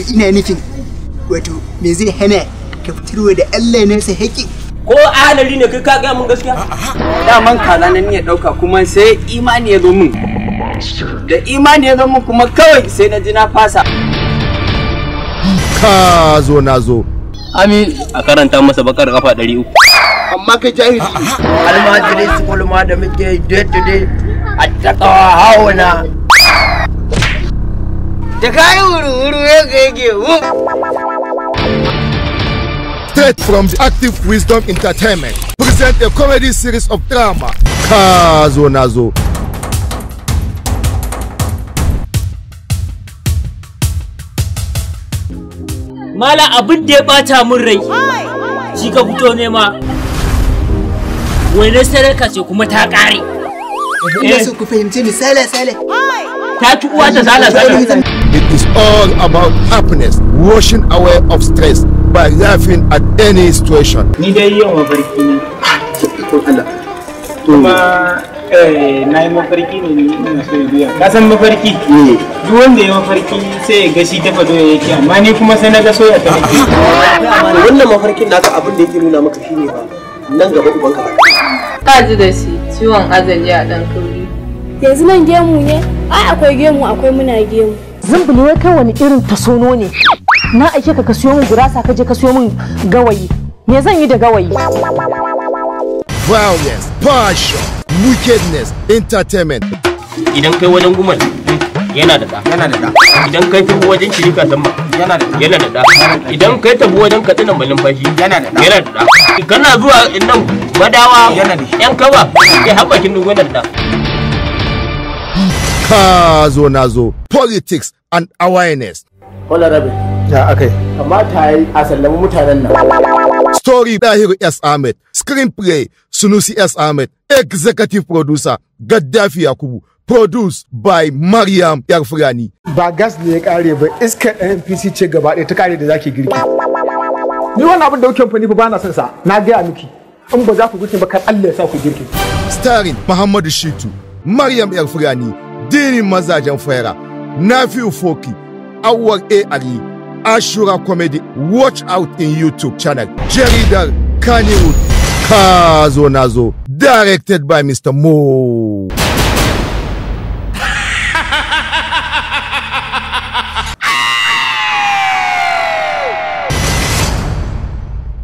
wato ina nufin wato me zai hana ka fitarwa da Allah ne sai haƙi ko ahalari ne kai ka ga mun gaskiya da man kaza nan ne dauka kuma sai imani ya zo min da imani ya zo min kuma kawai sai na ji na fasa ka zo na zo ami a karanta masa bakar kafa 300 amma kai jahili almajiri su kulma da muke day to day a takawa hauna da kayi wuru ke yake Straight from the Active Wisdom Entertainment present a comedy series of drama Kazo Nazo. Mala abin da ya bata min rai. Shi ka fito ne ma. Wani sarka ce kuma ta ƙare. Ina so ku fahimci ni sale sale. Ta ci uwa ta sala sala. all about happiness, washing away of stress by laughing at any situation. Ni dai yau mafarki ne. Kuma eh, na yi mafarki ne ni ina so biya. Ka san mafarki? Eh. Duk wanda ya mafarki sai ya gashi dafa doya yake amma ni kuma sai na ga soya ta Wannan mafarkin naka abin da yake nuna maka shine ba. Nan gaba ubanka ba. Ka ji da shi ciwon azali a dan kauri. Yanzu nan gemu ne? Ai akwai gemu akwai muna gemu. zumbuli wai kai wani irin tasono ne na aike ka kasuwa mun min gurasa ka je ka mun min gawayi me zan yi da gawayi violence passion wickedness entertainment idan kai wajen gumal yana da da yana da da idan kai tafi wajen shirika tamma yana da yana da da idan kai tafi wajen katsinan malin fashi yana da da yana da da kana zuwa nan madawa yana da yan kaba ya haɓakin dogon da da ka zo na zo politics and awareness. Honorable. Ya akai. Kamata yi a sallami mutanen nan. Story Dahiru S. Ahmed, Screenplay Sunusi S. Ahmed, Executive Producer Gaddafi Yakubu, produced by Mariam Yarfurani. Ba gas ne ya kare ba, iska NPC ce gaba ɗaya ta kare da zaki girki. Ni wannan abin da kuke amfani ba na son sa, na gaya miki. In ba za ku girki ba kar Allah ya sa ku girki. Starring Muhammadu Shitu, Mariam Yarfurani, Dini Mazajen Faira, Nafi Ufoki, Awar A. Ali, Ashura Comedy, watch out in YouTube channel, Jerry Dar, Kanyewood, Kazo Nazo, directed by Mr. Mo.